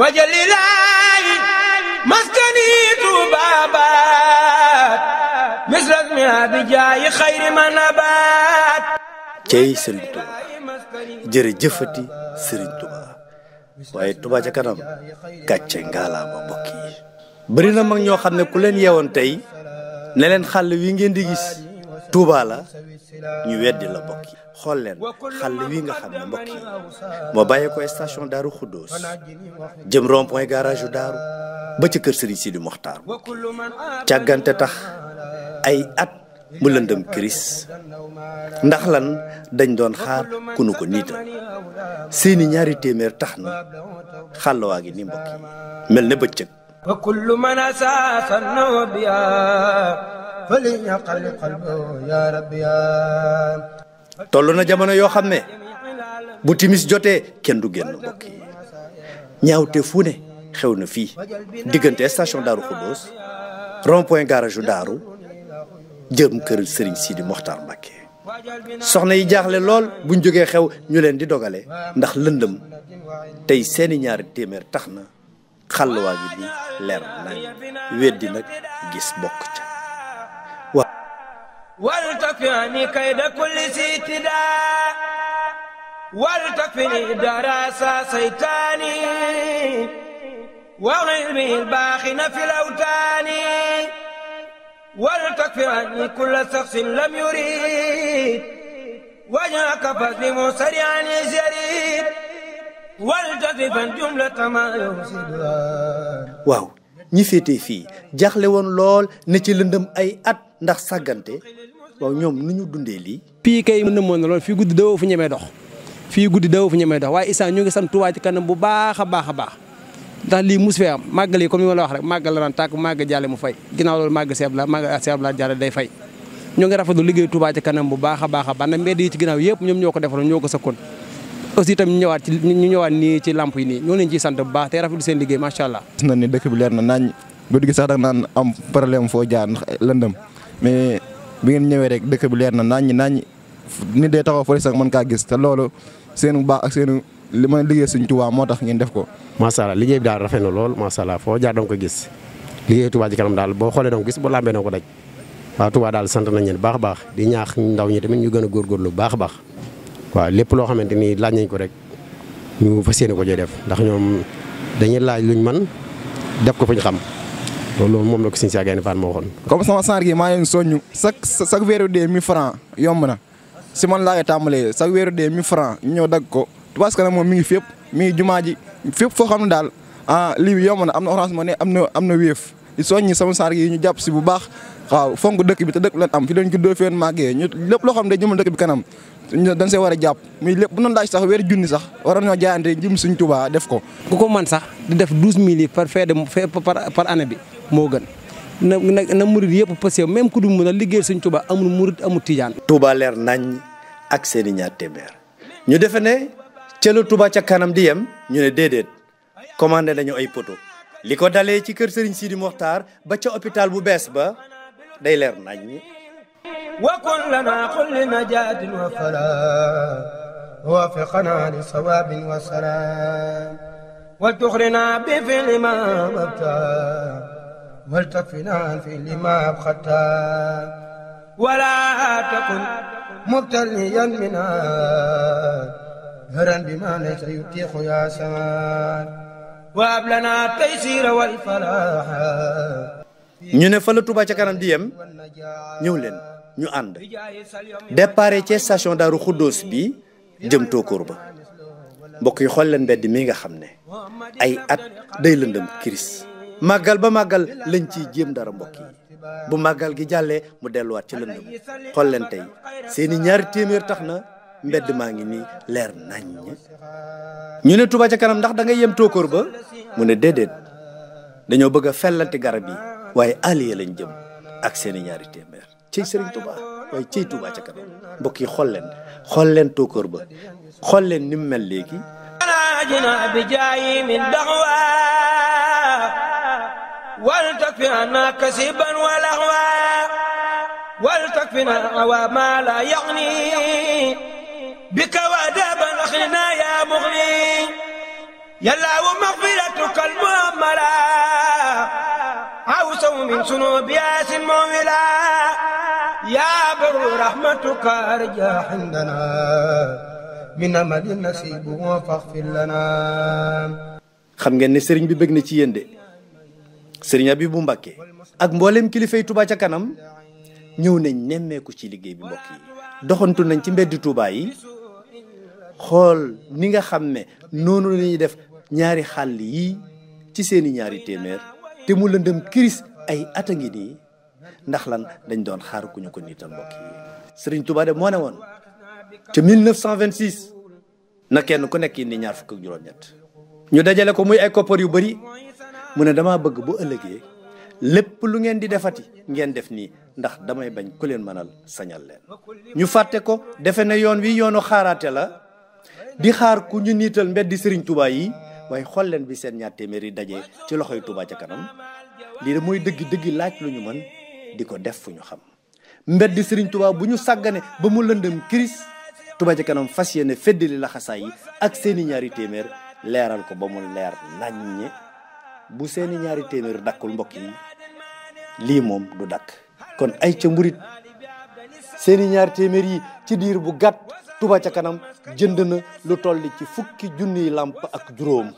wajalilaayi maskani tuubaabaat misras mi abijaayi xayri ma nabaat cey sëriñ Tuubaa jërëjëfati sëriñ Tuubaa waaye Tuubaa ca kanam gàcce ngaalaama mbokk yi bëri na mag ñoo xam ne ku leen yeewoon tey ne leen wi ngeen di gis Touba la ñu weddi la bokk xool leen xàll wi nga xam ne mbokk yi moo bàyyi ko station Daaru Xuddoos jëm rond point garage yu Daaru ba ci kër Serigne Sidi Mokhtar càggante tax ay at mu lëndëm kiris ndax lan dañ doon xaar ku nu ko niital seeni ñaari téeméer tax na xàll waa ngi ni mbokk mel ne bëccëg. toll na jamono yoo xam ne bu timis jotee kenn du génn mbokk yi ñaawte fu ne xew na fii diggante station Daaru Xuddoos rond point Daaru jëm kër Serigne Sidi Mokhtar Mbacké soxna yi jaaxle lool buñ jógee xew ñu leen di dogale ndax lëndëm tey seeni ñaari téeméer tax na xàlluwaa gi bi leer nañ weddi nag gis bokk ca ولتكفني كيد كل استداء ولتكفني دراسة سيتاني وعلمي الباخن في الأوتان ولتكفني كل شخص لم يريد وجهك فاسلم سريعا يزيد ولتكفن جملة ما يفسدان waaw ñi féetee fii jaaxle woon lool ne ci lëndëm ay at ndax saggante waaw ñoom nu ñu dundee lii. fii kay mën na mën na lool fii guddi dawoo fu ñemee dox fii guddi dawoo fu ñemee dox waaye Issa ñu ngi sant Touba ci kanam bu baax a baax a baax ndax lii mus fee am màggal yi comme ni ma la wax rek màggal la daan tàkk màgg jaale mu fay ginnaaw loolu màgg seeb la màgg seeb la jàlle day fay ñoo ngi rafetlu liggéey Touba ci kanam bu baax a baax a baax na mbedd yi ci ginnaaw yëpp ñoom ñoo ko defaroon ñoo ko sëkkoon aussi itam ñu ñëwaat ci ñu ñëwaat nii ci lamp yi nii ñoo leen ciy sant bu baax te rafetlu seen liggéey macha allah gis na ni dëkk bi leer da naan am problème foo jaar ndax lëndëm mais bu ngeen ñëwee rek dëkk bi leer na nañ nañ nit day taxaw fële sax mën kaa gis te loolu seenu baax ak li ma liggéey Sëñ Tuubaa moo tax ngeen def ko. macha allah liggéey bi daal rafet na lool macha foo jaar danga ko gis liggéey Tuubaa ci kanam boo xoolee danga gis boo làmbee danga ko daj waaw Tuubaa daal sant nañ leen baax a baax di ñaax ndaw ñi tamit ñu gën a góorgóorlu baax a baax waaw lépp loo xamante ni laaj nañ ko rek ñu fa yéene ko cee def ndax ñoom dañuy laaj luñ man def ko fuñ xam loolu moom la ko sëñ Cheikh Gaïndé Fatma waxoon. comme sama sànq gi maa ngi leen weeru dee 1000 francs yomb na si man laa koy tàmbalee sax weeru dee 1000 francs ñu ñëw dagg ko parce que nag moom mi ngi fépp mi ngi jumaa ji fépp foo xam ne daal ah lii bi yomb na am na orange am na am na wéef di soññi sama sànq yi ñu jàpp si bu baax waaw fonk dëkk bi te dëkk lañ am fi leen juddoo feen màggee ñu lépp loo xam ne jëmal dëkk bi kanam dañ see war a jàpp muy lépp bu noonu laaj sax weer junni sax war nañoo jaayante jëm suñ Tuubaa def ko. ku ko man sax di def douze mille par fee de par par année bi. moo gën na na murid yëpp passé ku du mën a liggéey suñ Touba amul murid amul tijaan. Touba leer nañ ak seeni ñaar téeméer ñu defe ne ca la ca kanam di yem ñu ne déedéet commandé nañu ay poto li ko dalee ci kër sëriñ Serigne Sidi Mokhtar ba ca hôpital bu bees ba day leer nañ. وكن wa كل نجاة وفلاح wa لصواب وسلام وتخرنا بفعل ما مبتاه ولتكفنا عن فعل ما أبختا ولا تكن مبتليا منها هرا بما ليس يتيح يا سمان وهب لنا التيسير والفلاح ñu ne fa la Touba ca kanam di yem ñëw leen ñu ànd dépare ci station Daaru Xuddoos bi jëm Tookoor ba mbokk yi xool leen mbedd mi nga xam ne ay at day lëndëm kiris màggal ba màggal lañ ci jéem dara mbokk yi bu màggal gi jàllee mu delluwaat ci lëndëm xool leen tey seeni ñaari téeméer tax na mbedd maa ngi nii leer nañ ñu ne Touba ca kanam ndax da yem tóokóor ba mu ne déedéet dañoo bëgg a fellanti garab yi waaye allié lañ jëm ak seeni ñaari téeméer cëy sëriñ Touba waaye cëy Touba ca kanam mbokk yi xool leen xool leen tóokóor ba xool leen ni mu mel léegi. ولتكفنا كسبا ولهوا ولتكفنا عواما لا يغني بك ودابا أخنا يا مغني يا الله مغفرتك المؤملة عوسا من ذنوب ياس مولا يا بر رحمتك أرجى عندنا xam ngeen ne sëriñ bi bëgg na ci yéen de sëriñ Abibu Mbàkke ak mbooleem kilifay Touba ca kanam ñëw nañ nemmeeku ci liggéey bi mbokk yi doxantu nañ ci mbeddi Touba yi xool ni nga xam ne noonu lañuy def ñaari xàll yi ci seeni ñaari téeméer te mu lëndëm kiris ay at a ngi nii ndax lan dañ doon xaar ku ñu ko niital mbokk yi sëriñ Touba de moo ne woon ca 1926 na kenn ku nekk indi ñaar fukk juróom-ñett ñu dajale ko muy ay koppar yu bari mu ne damaa bëgg bu ëllëgee lépp lu ngeen di defati ngeen def nii ndax damay bañ ku leen mënal sañal leen ñu fàtte ko defe ne yoon wi yoonu xaaraate la di xaar ku ñu niital mbedd sëriñ Touba yi waaye xool leen bi seen ñaar téeméer yi daje ci loxoy Touba ca kanam lii de mooy dëgg dëgg laaj lu ñu mën di ko def fu ñu xam mbedd sëriñ Touba bu ñu sàggane ba mu lëndëm kiris Touba ca kanam fas yéene feddali laxasaay yi ak seeni ñaari téeméer leeral ko ba mu leer bu seeni ñaari téeméer dakkul mbokk yi lii moom du dakk kon ay ca mburit seeni ñaari téeméer yi ci diir bu gàtt tubaa ca kanam jënd na lu tolli ci fukki junniy làmp ak juróom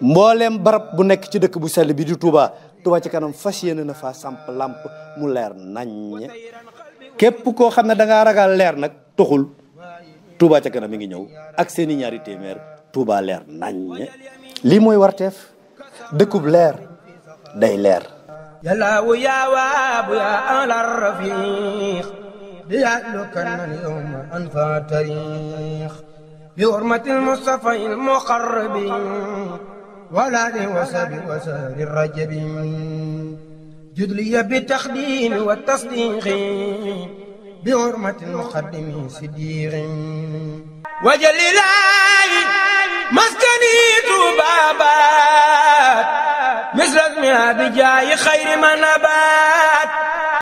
mboolem barab bu nekk ci dëkk bu sell bi di tubaa Touba ca kanam fas yéene na fa samp làmp mu leer naññ képp koo xam ne danga ragal leer nag toxul tubaa ca kanam mi ngi ñëw ak seeni ñaari téeméer Touba leer naññ lii mooy warteef dëkkub leer day leer yallaawu yaa waabu yaa ala rafiq di yàllukan man yowma an fa tarix bi hurmatil mustafa il muqarrabi walaali wasabi wasabi rajabi judliya bi taxdimi wa tasdiqi bi hurmatil muqaddimi siddiqi wajalilaayi maskani tuuba misras mi abi jaayi xayri man abaa